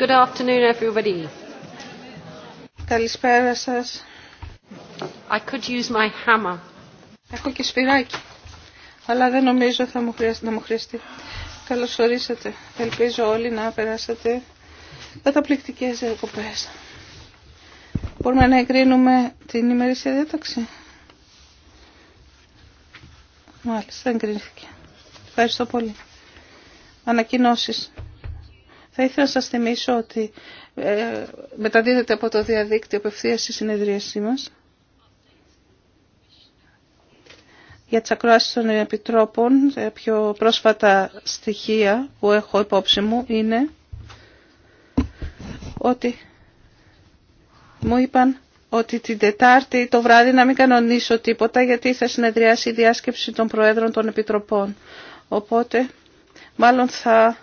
Good afternoon everybody. Καλησπέρα σας. I could use my hammer. Έχω και σφυράκι, αλλά δεν νομίζω θα μου χρειαστεί, να μου χρειαστεί. Καλώς ορίσατε. Ελπίζω όλοι να περάσατε καταπληκτικές διακοπές. Μπορούμε να εγκρίνουμε την ημερήσια διάταξη. Μάλιστα, εγκρίνθηκε. Ευχαριστώ πολύ. Ανακοινώσεις. Θα ήθελα να σας θυμίσω ότι ε, μεταδίδεται από το διαδίκτυο απευθεία στη συνεδρίασή μας για τις ακροάσεις των επιτρόπων, ε, πιο πρόσφατα στοιχεία που έχω υπόψη μου είναι ότι μου είπαν ότι την Τετάρτη το βράδυ να μην κανονίσω τίποτα γιατί θα συνεδριάσει η διάσκεψη των Προέδρων των Επιτροπών. Οπότε μάλλον θα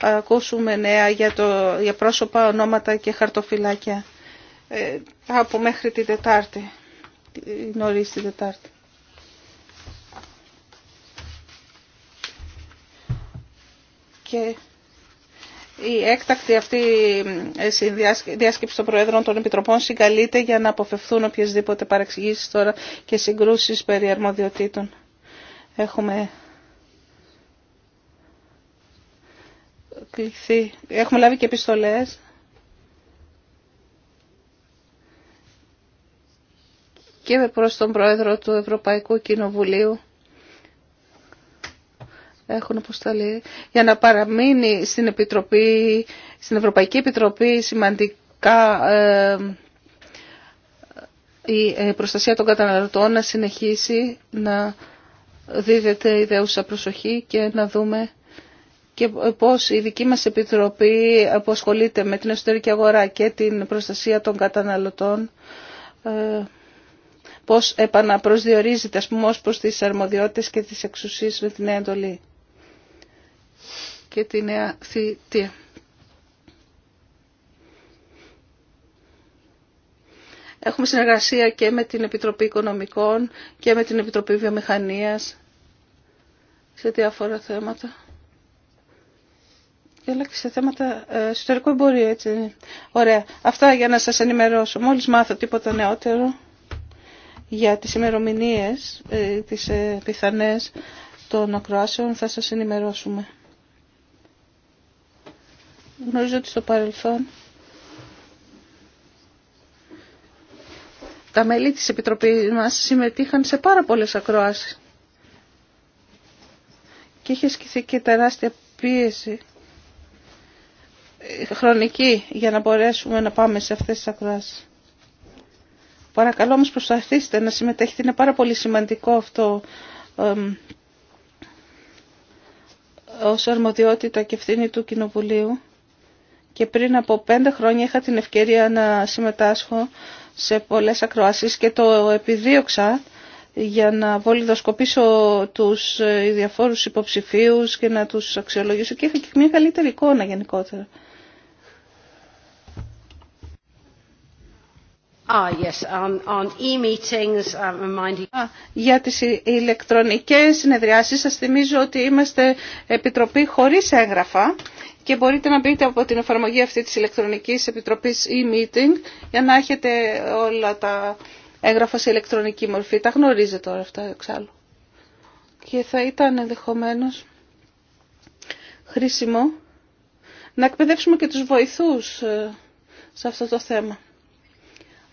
ακούσουμε νέα για, το, για πρόσωπα, ονόματα και χαρτοφυλάκια ε, από μέχρι την Τετάρτη, νωρίς την Τετάρτη. Και η έκτακτη αυτή ε, διάσκεψη των Προέδρων των Επιτροπών συγκαλείται για να αποφευθούν οποιασδήποτε παρεξηγήσεις τώρα και συγκρούσεις περί αρμοδιοτήτων. Έχουμε Έχουμε λάβει και επιστολές. και προς τον Πρόεδρο του Ευρωπαϊκού Κοινοβουλίου έχουν αποσταλεί για να παραμείνει στην, Ευρωπαϊκή Επιτροπή σημαντικά η ε, προστασία των καταναλωτών να συνεχίσει να δίδεται ιδέουσα προσοχή και να δούμε και πώς η δική μας Επιτροπή που ασχολείται με την εσωτερική αγορά και την προστασία των καταναλωτών ε, πώς επαναπροσδιορίζεται ας πούμε ως προς τις αρμοδιότητες και τις εξουσίες με την νέα εντολή και την νέα θητεία. Έχουμε συνεργασία και με την Επιτροπή Οικονομικών και με την Επιτροπή Βιομηχανίας σε διάφορα θέματα αλλά και σε θέματα ε, εσωτερικού εμπορίου, έτσι. Ωραία. Αυτά για να σας ενημερώσω. Μόλις μάθω τίποτα νεότερο για τις ημερομηνίε, ε, τις ε, πιθανές των ακροάσεων, θα σας ενημερώσουμε. Γνωρίζω ότι στο παρελθόν τα μέλη της Επιτροπής μας συμμετείχαν σε πάρα πολλές ακροάσεις και είχε ασκηθεί και τεράστια πίεση χρονική για να μπορέσουμε να πάμε σε αυτές τις ακροάσεις. Παρακαλώ όμως προσπαθήστε να συμμετέχετε. Είναι πάρα πολύ σημαντικό αυτό ε, ως αρμοδιότητα και ευθύνη του Κοινοβουλίου. Και πριν από πέντε χρόνια είχα την ευκαιρία να συμμετάσχω σε πολλές ακροάσεις και το επιδίωξα για να βολιδοσκοπήσω τους ε, διαφόρους υποψηφίους και να τους αξιολογήσω και είχα και μια καλύτερη εικόνα γενικότερα. Ah, για τις ε, ηλεκτρονικές συνεδριάσεις σας θυμίζω ότι είμαστε επιτροπή χωρίς έγγραφα και μπορείτε να μπείτε από την εφαρμογή αυτή της ηλεκτρονικής επιτροπής e-meeting για να έχετε όλα τα έγγραφα σε ηλεκτρονική μορφή. Τα γνωρίζετε όλα αυτά εξάλλου. Και θα ήταν ενδεχομένω χρήσιμο να εκπαιδεύσουμε και τους βοηθούς ε, σε αυτό το θέμα.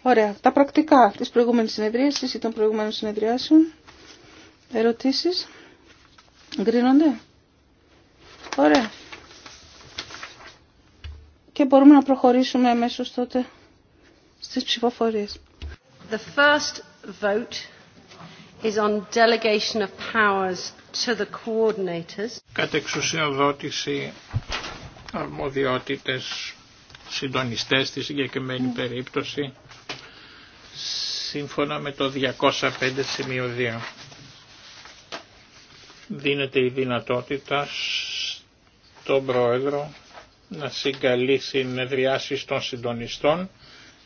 Ωραία. Τα πρακτικά της προηγούμενης συνεδρίασης ή των προηγούμενων συνεδριάσεων. Ερωτήσεις. Γκρίνονται. Ωραία. Και μπορούμε να προχωρήσουμε αμέσω τότε στις ψηφοφορίες. The first vote is on delegation of powers to the coordinators. Κατ' αρμοδιότητες συντονιστές στη συγκεκριμένη mm. περίπτωση σύμφωνα με το 205 2. Δίνεται η δυνατότητα στον Πρόεδρο να συγκαλεί συνεδριάσεις των συντονιστών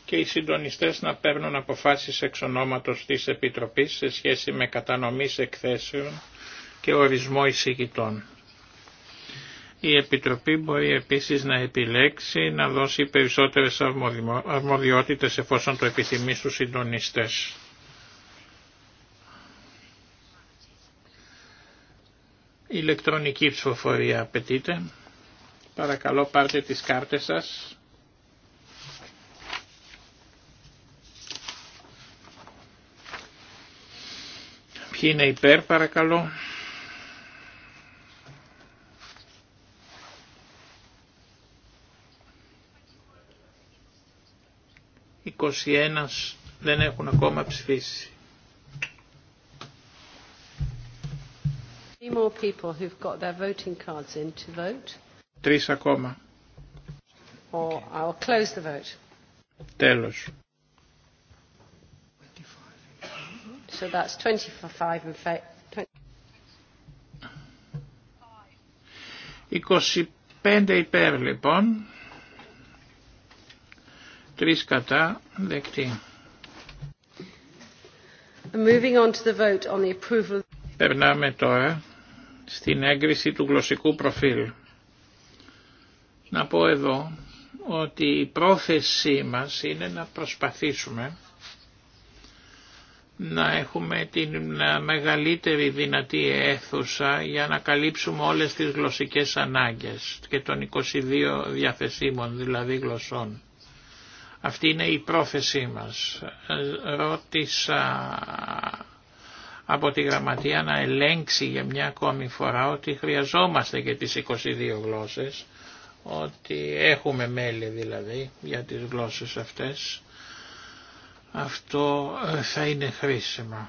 και οι συντονιστές να παίρνουν αποφάσεις εξ ονόματος της Επιτροπής σε σχέση με κατανομής εκθέσεων και ορισμό εισηγητών. Η Επιτροπή μπορεί επίσης να επιλέξει να δώσει περισσότερες αρμοδιότητες εφόσον το επιθυμεί στους συντονιστές. Ηλεκτρονική ψηφοφορία απαιτείται. Παρακαλώ πάρτε τις κάρτες σας. Ποιοι είναι υπέρ παρακαλώ. ένας δεν έχουν ακόμα ψηφίσει. Τρεις ακόμα. Or Τέλος. 25 υπέρ λοιπόν. Τρεις κατά, δεκτή. Περνάμε τώρα στην έγκριση του γλωσσικού προφίλ. Να πω εδώ ότι η πρόθεσή μας είναι να προσπαθήσουμε να έχουμε την μεγαλύτερη δυνατή αίθουσα για να καλύψουμε όλες τις γλωσσικές ανάγκες και των 22 διαθεσίμων δηλαδή γλωσσών. Αυτή είναι η πρόθεσή μας. Ρώτησα από τη Γραμματεία να ελέγξει για μια ακόμη φορά ότι χρειαζόμαστε και τις 22 γλώσσες, ότι έχουμε μέλη δηλαδή για τις γλώσσες αυτές. Αυτό θα είναι χρήσιμο.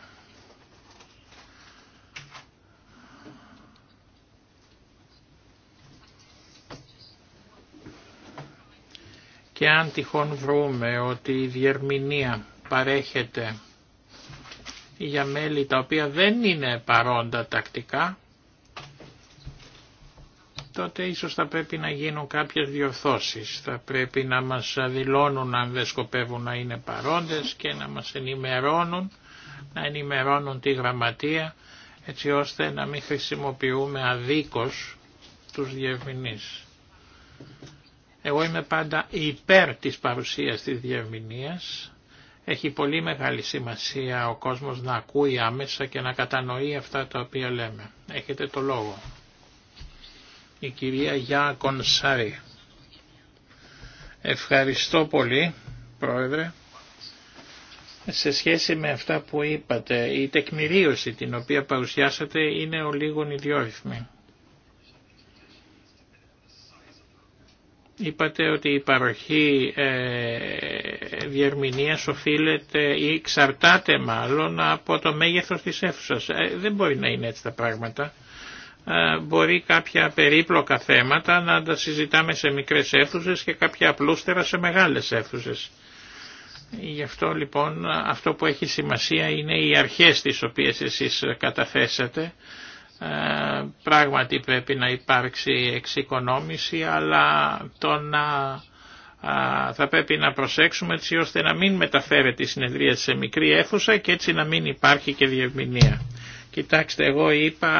εάν τυχόν βρούμε ότι η διερμηνία παρέχεται για μέλη τα οποία δεν είναι παρόντα τακτικά, τότε ίσως θα πρέπει να γίνουν κάποιες διορθώσεις. Θα πρέπει να μας δηλώνουν αν δεν σκοπεύουν να είναι παρόντες και να μας ενημερώνουν, να ενημερώνουν τη γραμματεία, έτσι ώστε να μην χρησιμοποιούμε αδίκως τους διευμηνείς. Εγώ είμαι πάντα υπέρ της παρουσίας της διευμηνίας. Έχει πολύ μεγάλη σημασία ο κόσμος να ακούει άμεσα και να κατανοεί αυτά τα οποία λέμε. Έχετε το λόγο. Η κυρία Γιά Κονσάρη. Ευχαριστώ πολύ, Πρόεδρε. Σε σχέση με αυτά που είπατε, η τεκμηρίωση την οποία παρουσιάσατε είναι ο λίγων ιδιόρυθμη. Είπατε ότι η παροχή ε, διερμηνίας οφείλεται ή εξαρτάται μάλλον από το μέγεθος της αίθουσας. Ε, δεν μπορεί να είναι έτσι τα πράγματα. Ε, μπορεί κάποια περίπλοκα θέματα να τα συζητάμε σε μικρές αίθουσες και κάποια απλούστερα σε μεγάλες αίθουσες. Γι' αυτό λοιπόν αυτό που έχει σημασία είναι οι αρχές τις οποίες εσείς καταθέσατε ε, πράγματι πρέπει να υπάρξει εξοικονόμηση αλλά το να, θα πρέπει να προσέξουμε έτσι ώστε να μην μεταφέρεται η συνεδρία σε μικρή αίθουσα και έτσι να μην υπάρχει και διευμηνία. Κοιτάξτε, εγώ είπα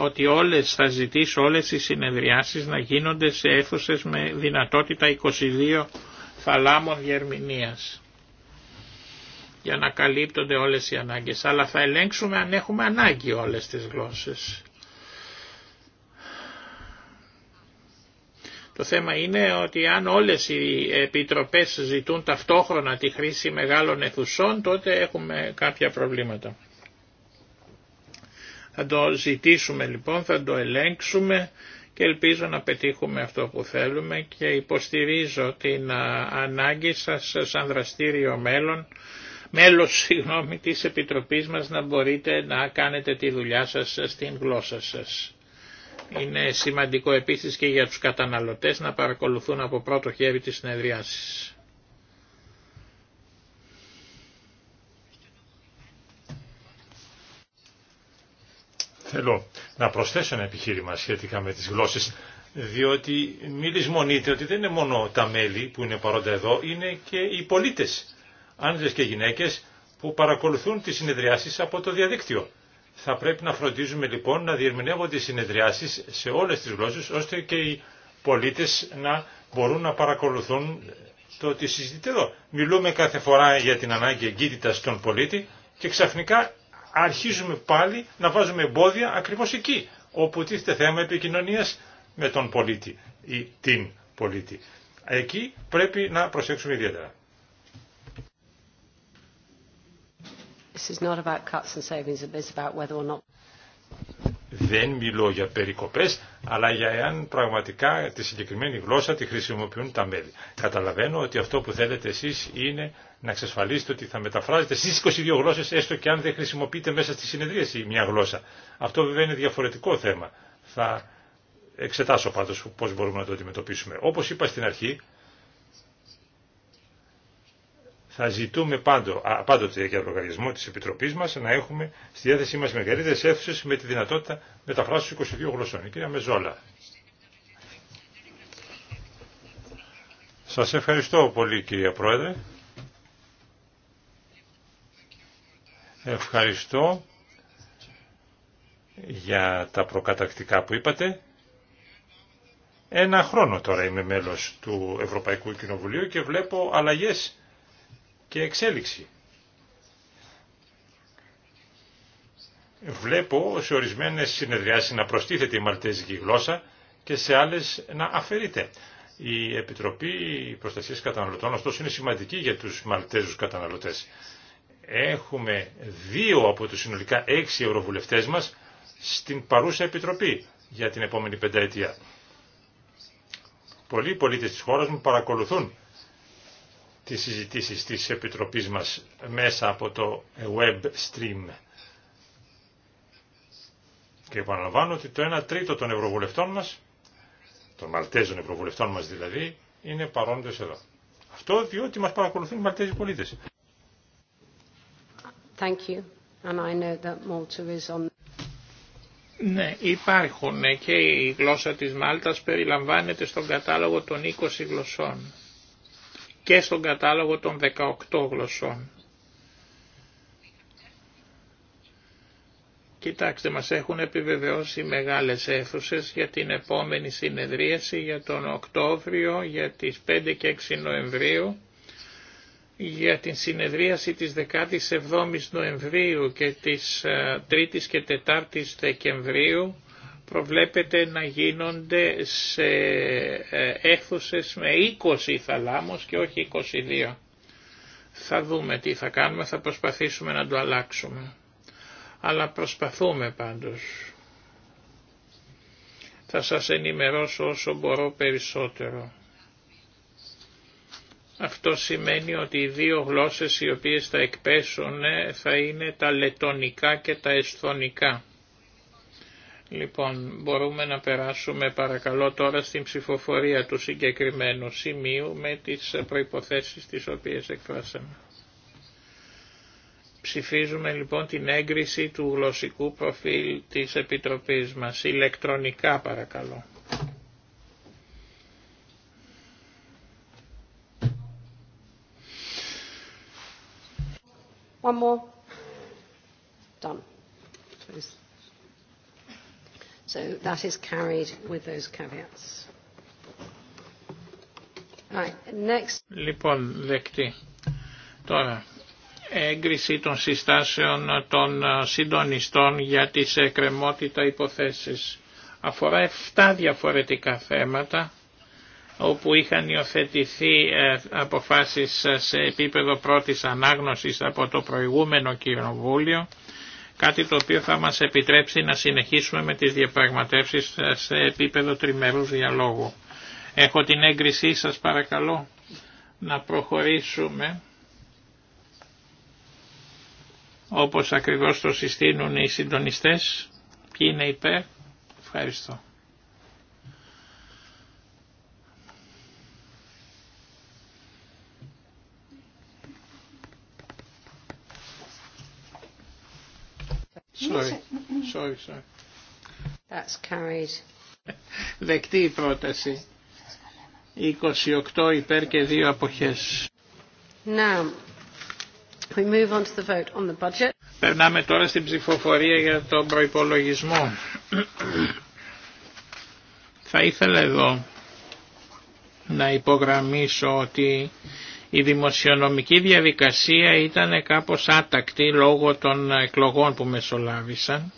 ότι όλες θα ζητήσω όλες οι συνεδριάσεις να γίνονται σε αίθουσες με δυνατότητα 22 θαλάμων διερμηνίας για να καλύπτονται όλες οι ανάγκες. Αλλά θα ελέγξουμε αν έχουμε ανάγκη όλες τις γλώσσες. Το θέμα είναι ότι αν όλες οι επιτροπές ζητούν ταυτόχρονα τη χρήση μεγάλων αιθουσών, τότε έχουμε κάποια προβλήματα. Θα το ζητήσουμε λοιπόν, θα το ελέγξουμε και ελπίζω να πετύχουμε αυτό που θέλουμε και υποστηρίζω την ανάγκη σας σαν δραστήριο μέλλον, μέλος συγγνώμη, της Επιτροπής μας να μπορείτε να κάνετε τη δουλειά σας στην γλώσσα σας. Είναι σημαντικό επίσης και για τους καταναλωτές να παρακολουθούν από πρώτο χέρι τις συνεδριάσεις. Θέλω να προσθέσω ένα επιχείρημα σχετικά με τις γλώσσες, διότι μη λησμονείτε ότι δεν είναι μόνο τα μέλη που είναι παρόντα εδώ, είναι και οι πολίτες, άνδρες και γυναίκες, που παρακολουθούν τις συνεδριάσεις από το διαδίκτυο. Θα πρέπει να φροντίζουμε λοιπόν να διερμηνεύονται οι συνεδριάσεις σε όλες τις γλώσσες, ώστε και οι πολίτες να μπορούν να παρακολουθούν το ότι συζητείται. εδώ. Μιλούμε κάθε φορά για την ανάγκη εγκύτητας στον πολίτη και ξαφνικά αρχίζουμε πάλι να βάζουμε εμπόδια ακριβώς εκεί, όπου τίθεται θέμα επικοινωνίας με τον πολίτη ή την πολίτη. Εκεί πρέπει να προσέξουμε ιδιαίτερα. This is not about cuts and savings, about whether or not... Δεν μιλώ για περικοπές, αλλά για εάν πραγματικά τη συγκεκριμένη γλώσσα τη χρησιμοποιούν τα μέλη. Καταλαβαίνω ότι αυτό που θέλετε εσείς είναι να εξασφαλίσετε ότι θα μεταφράζετε στις 22 γλώσσες, έστω και αν δεν χρησιμοποιείτε μέσα στη συνεδρίαση μια γλώσσα. Αυτό βέβαια είναι διαφορετικό θέμα. Θα εξετάσω πάντως πώς μπορούμε να το αντιμετωπίσουμε. Όπως είπα στην αρχή, θα ζητούμε πάντο, πάντοτε για λογαριασμό της Επιτροπής μας να έχουμε στη διάθεσή μας μεγαλύτερες αίθουσες με τη δυνατότητα μεταφράσεως 22 γλωσσών. Η κυρία Μεζόλα. Σας ευχαριστώ πολύ κυρία Πρόεδρε. Ευχαριστώ για τα προκατακτικά που είπατε. Ένα χρόνο τώρα είμαι μέλος του Ευρωπαϊκού Κοινοβουλίου και βλέπω αλλαγές και εξέλιξη. Βλέπω σε ορισμένες συνεδριάσεις να προστίθεται η μαλτέζικη γλώσσα και σε άλλες να αφαιρείται. Η Επιτροπή Προστασίας Καταναλωτών ωστόσο είναι σημαντική για τους Μαλτέζους καταναλωτές. Έχουμε δύο από τους συνολικά έξι ευρωβουλευτές μας στην παρούσα Επιτροπή για την επόμενη πενταετία. Πολλοί πολίτες της χώρας μου παρακολουθούν τις συζητήσεις της Επιτροπής μας μέσα από το web stream. Και επαναλαμβάνω ότι το 1 τρίτο των ευρωβουλευτών μας, των Μαλτέζων ευρωβουλευτών μας δηλαδή, είναι παρόντες εδώ. Αυτό διότι μας παρακολουθούν οι Μαλτέζοι πολίτες. Thank you. And I know that Malta is on... Ναι, υπάρχουν ναι, και η γλώσσα της Μάλτας περιλαμβάνεται στον κατάλογο των 20 γλωσσών και στον κατάλογο των 18 γλωσσών. Κοιτάξτε, μας έχουν επιβεβαιώσει μεγάλες αίθουσες για την επόμενη συνεδρίαση για τον Οκτώβριο, για τις 5 και 6 Νοεμβρίου, για την συνεδρίαση της 17ης Νοεμβρίου και της 3 ε, η και 4 η Δεκεμβρίου, προβλέπεται να γίνονται σε ε, αίθουσες με 20 θαλάμους και όχι 22. Θα δούμε τι θα κάνουμε, θα προσπαθήσουμε να το αλλάξουμε. Αλλά προσπαθούμε πάντως. Θα σας ενημερώσω όσο μπορώ περισσότερο. Αυτό σημαίνει ότι οι δύο γλώσσες οι οποίες θα εκπέσουν θα είναι τα λετονικά και τα εσθονικά. Λοιπόν, μπορούμε να περάσουμε παρακαλώ τώρα στην ψηφοφορία του συγκεκριμένου σημείου με τις προϋποθέσεις τις οποίες εκφράσαμε. Ψηφίζουμε λοιπόν την έγκριση του γλωσσικού προφίλ της Επιτροπής μας, ηλεκτρονικά παρακαλώ. One more. Done. So that Λοιπόν, δεκτή. Τώρα, έγκριση των συστάσεων των ε, συντονιστών για τις εκκρεμότητα υποθέσεις. Αφορά 7 διαφορετικά θέματα όπου είχαν υιοθετηθεί ε, αποφάσεις σε επίπεδο πρώτης ανάγνωσης από το προηγούμενο κοινοβούλιο κάτι το οποίο θα μας επιτρέψει να συνεχίσουμε με τις διαπραγματεύσεις ε, σε επίπεδο τριμερούς διαλόγου. Έχω την έγκρισή σας παρακαλώ να προχωρήσουμε όπως ακριβώς το συστήνουν οι συντονιστές. Ποιοι είναι υπέρ. Ευχαριστώ. Sorry. Sorry, sorry. That's carried. Δεκτή η πρόταση. 28 υπέρ και 2 αποχές. Now, we move on to the vote on the budget. Περνάμε τώρα στην ψηφοφορία για τον προϋπολογισμό. Θα ήθελα εδώ να υπογραμμίσω ότι η δημοσιονομική διαδικασία ήταν κάπως άτακτη λόγω των εκλογών που μεσολάβησαν.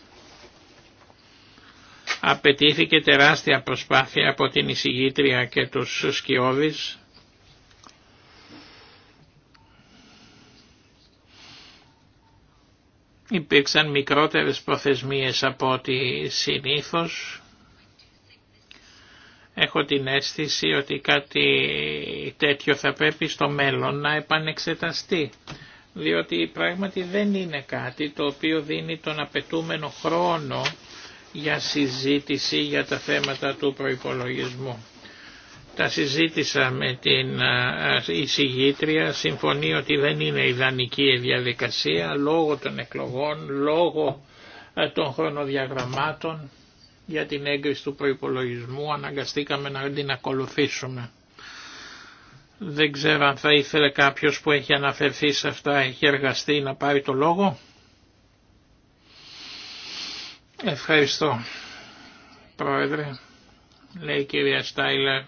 Απαιτήθηκε τεράστια προσπάθεια από την εισηγήτρια και τους σκιώδεις υπήρξαν μικρότερες προθεσμίες από ό,τι συνήθως Έχω την αίσθηση ότι κάτι τέτοιο θα πρέπει στο μέλλον να επανεξεταστεί, διότι πράγματι δεν είναι κάτι το οποίο δίνει τον απαιτούμενο χρόνο για συζήτηση για τα θέματα του προϋπολογισμού. Τα συζήτησα με την εισηγήτρια, συμφωνεί ότι δεν είναι ιδανική η διαδικασία λόγω των εκλογών, λόγω των χρονοδιαγραμμάτων για την έγκριση του προϋπολογισμού αναγκαστήκαμε να την ακολουθήσουμε. Δεν ξέρω αν θα ήθελε κάποιος που έχει αναφερθεί σε αυτά, έχει εργαστεί να πάρει το λόγο. Ευχαριστώ, Πρόεδρε, λέει η κυρία Στάιλερ.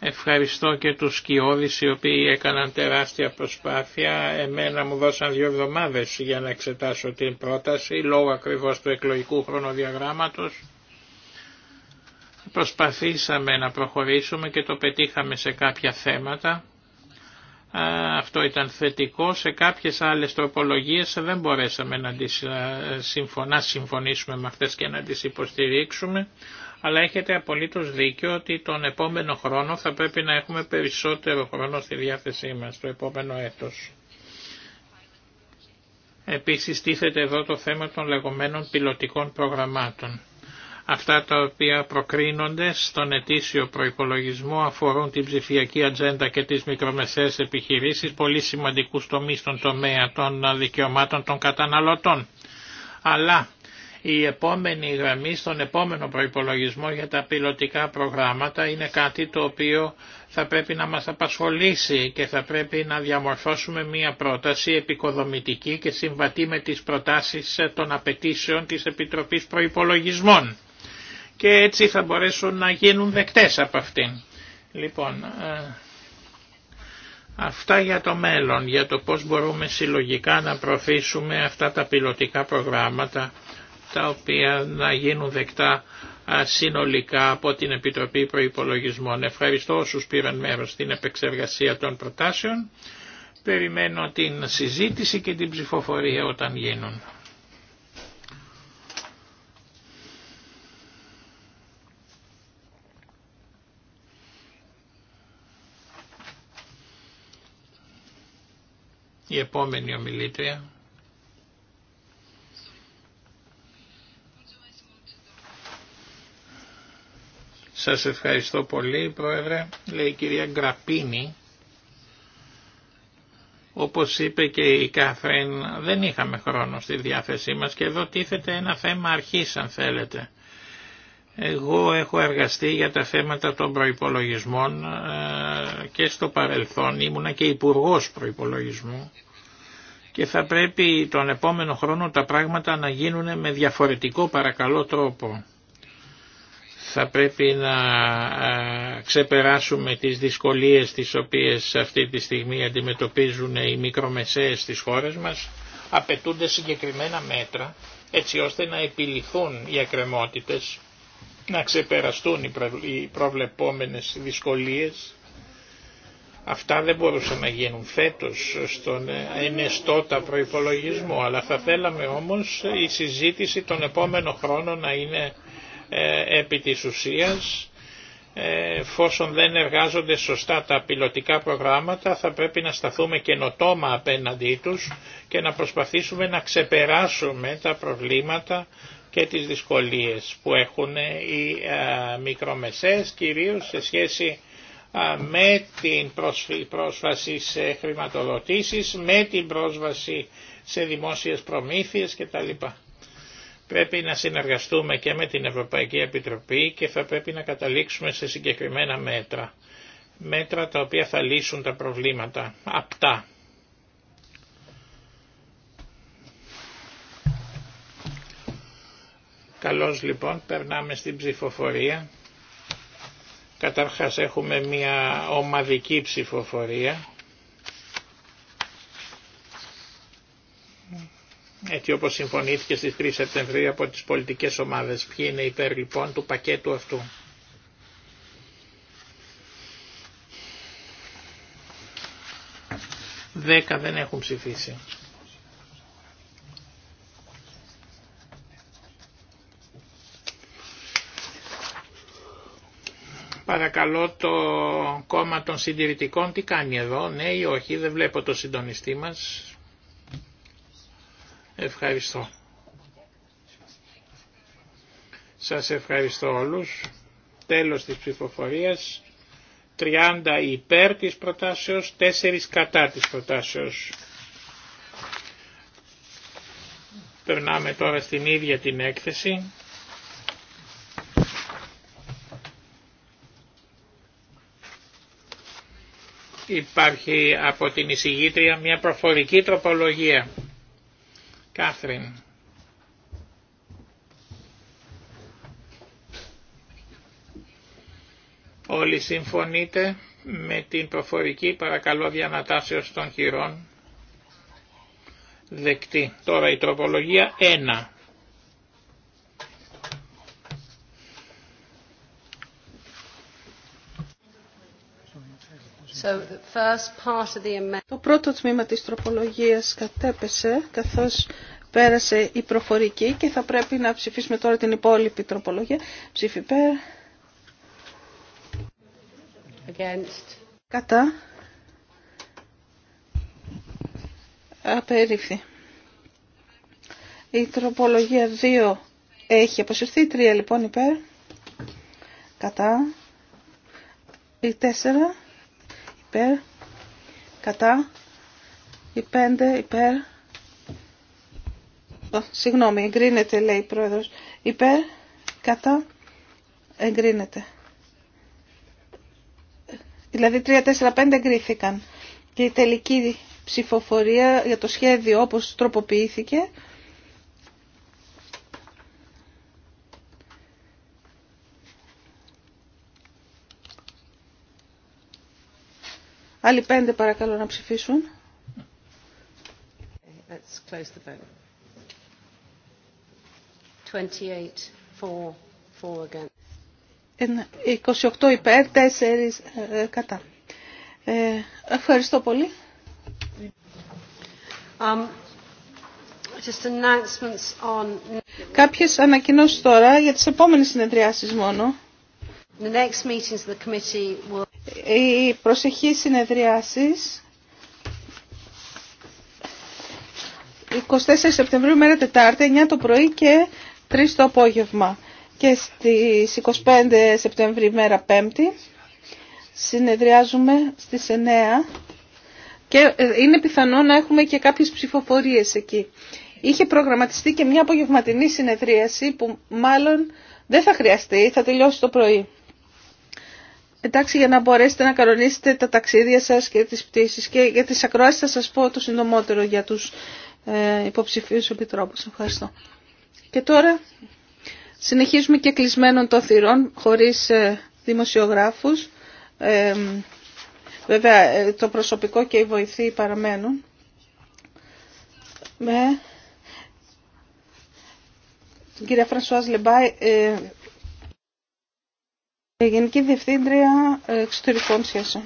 Ευχαριστώ και τους σκιώδεις οι οποίοι έκαναν τεράστια προσπάθεια. Εμένα μου δώσαν δύο εβδομάδες για να εξετάσω την πρόταση λόγω ακριβώς του εκλογικού χρονοδιαγράμματος. Προσπαθήσαμε να προχωρήσουμε και το πετύχαμε σε κάποια θέματα. Αυτό ήταν θετικό. Σε κάποιες άλλες τροπολογίες δεν μπορέσαμε να τις συμφωνήσουμε με αυτές και να τις υποστηρίξουμε αλλά έχετε απολύτως δίκιο ότι τον επόμενο χρόνο θα πρέπει να έχουμε περισσότερο χρόνο στη διάθεσή μας, το επόμενο έτος. Επίσης τίθεται εδώ το θέμα των λεγόμενων πιλωτικών προγραμμάτων. Αυτά τα οποία προκρίνονται στον ετήσιο προϋπολογισμό αφορούν την ψηφιακή ατζέντα και τις μικρομεσαίες επιχειρήσεις, πολύ σημαντικούς τομείς στον τομέα των δικαιωμάτων των καταναλωτών. Αλλά η επόμενη γραμμή στον επόμενο προϋπολογισμό για τα πιλωτικά προγράμματα είναι κάτι το οποίο θα πρέπει να μας απασχολήσει και θα πρέπει να διαμορφώσουμε μία πρόταση επικοδομητική και συμβατή με τις προτάσεις των απαιτήσεων της Επιτροπής Προϋπολογισμών. Και έτσι θα μπορέσουν να γίνουν δεκτές από αυτήν. Λοιπόν, ε, αυτά για το μέλλον, για το πώς μπορούμε συλλογικά να προωθήσουμε αυτά τα πιλωτικά προγράμματα τα οποία να γίνουν δεκτά συνολικά από την Επιτροπή Προϋπολογισμών. Ευχαριστώ όσους πήραν μέρος στην επεξεργασία των προτάσεων. Περιμένω την συζήτηση και την ψηφοφορία όταν γίνουν. Η επόμενη ομιλήτρια. Σας ευχαριστώ πολύ, Πρόεδρε. Λέει η κυρία Γκραπίνη. Όπως είπε και η Κάθριν, δεν είχαμε χρόνο στη διάθεσή μας και εδώ τίθεται ένα θέμα αρχής, αν θέλετε. Εγώ έχω εργαστεί για τα θέματα των προϋπολογισμών ε, και στο παρελθόν ήμουνα και υπουργό προϋπολογισμού και θα πρέπει τον επόμενο χρόνο τα πράγματα να γίνουν με διαφορετικό παρακαλώ τρόπο θα πρέπει να ξεπεράσουμε τις δυσκολίες τις οποίες αυτή τη στιγμή αντιμετωπίζουν οι μικρομεσαίες της χώρες μας, απαιτούνται συγκεκριμένα μέτρα έτσι ώστε να επιληθούν οι ακρεμότητες, να ξεπεραστούν οι προβλεπόμενες δυσκολίες. Αυτά δεν μπορούσαν να γίνουν φέτος στον ενεστώτα προϋπολογισμό, αλλά θα θέλαμε όμως η συζήτηση τον επόμενο χρόνο να είναι ε, επί της ουσίας ε, εφόσον δεν εργάζονται σωστά τα πιλωτικά προγράμματα θα πρέπει να σταθούμε καινοτόμα απέναντί τους και να προσπαθήσουμε να ξεπεράσουμε τα προβλήματα και τις δυσκολίες που έχουν οι μικρομεσαίες κυρίως σε σχέση με την πρόσβαση σε χρηματοδοτήσεις, με την πρόσβαση σε δημόσιες προμήθειες κτλ. Πρέπει να συνεργαστούμε και με την Ευρωπαϊκή Επιτροπή και θα πρέπει να καταλήξουμε σε συγκεκριμένα μέτρα. Μέτρα τα οποία θα λύσουν τα προβλήματα. Απτά. Καλώς λοιπόν, περνάμε στην ψηφοφορία. Καταρχάς έχουμε μια ομαδική ψηφοφορία έτσι όπως συμφωνήθηκε στις 3 Σεπτεμβρίου από τις πολιτικές ομάδες. Ποιοι είναι υπέρ λοιπόν του πακέτου αυτού. Δέκα δεν έχουν ψηφίσει. Παρακαλώ το κόμμα των συντηρητικών τι κάνει εδώ, ναι ή όχι, δεν βλέπω το συντονιστή μας. Ευχαριστώ. Σας ευχαριστώ όλους. Τέλος της ψηφοφορίας. 30 υπέρ της προτάσεως, 4 κατά της προτάσεως. Περνάμε τώρα στην ίδια την έκθεση. Υπάρχει από την εισηγήτρια μια προφορική τροπολογία. Κάθριν. Όλοι συμφωνείτε με την προφορική παρακαλώ διανατάσεως των χειρών. Δεκτή. Τώρα η τροπολογία 1. Το πρώτο τμήμα της τροπολογίας κατέπεσε καθώς πέρασε η προφορική και θα πρέπει να ψηφίσουμε τώρα την υπόλοιπη τροπολογία. Ψήφι πέρ. Against. Κατά. Απερίφθη. Η τροπολογία 2 έχει αποσυρθεί. Η 3 λοιπόν υπέρ. Κατά. Η 4 υπέρ, κατά, οι 5 υπέρ, συγγνώμη, εγκρίνεται λέει η πρόεδρος, υπέρ, κατά, εγκρίνεται. Δηλαδή 3, 4, 5 εγκρίθηκαν και η τελική ψηφοφορία για το σχέδιο όπως τροποποιήθηκε Άλλοι πέντε παρακαλώ να ψηφίσουν. Let's close the vote. 28 for, for again. 28 υπέρ, 4 ε, ε, κατά. Ε, ευχαριστώ πολύ. Um, just announcements on... Κάποιες ανακοινώσεις τώρα για τις επόμενες συνεδριάσεις μόνο. The next meetings of the committee will οι προσεχή συνεδριάσεις 24 Σεπτεμβρίου μέρα Τετάρτη, 9 το πρωί και 3 το απόγευμα και στις 25 Σεπτεμβρίου μέρα Πέμπτη συνεδριάζουμε στις 9 και ε, είναι πιθανό να έχουμε και κάποιες ψηφοφορίες εκεί. Είχε προγραμματιστεί και μια απογευματινή συνεδρίαση που μάλλον δεν θα χρειαστεί, θα τελειώσει το πρωί. Εντάξει, για να μπορέσετε να κανονίσετε τα ταξίδια σας και τις πτήσεις και για τις ακροάσεις θα σας πω το συντομότερο για τους ε, υποψηφίους επιτρόπους. Ευχαριστώ. Και τώρα συνεχίζουμε και κλεισμένων των θυρών χωρίς ε, δημοσιογράφους. Ε, βέβαια ε, το προσωπικό και η βοηθοί παραμένουν. Με την κυρία Φρανσουάζ Λεμπάη, ε, ε, Γενική Διευθύντρια ε, Εξωτερικών Σχέσεων.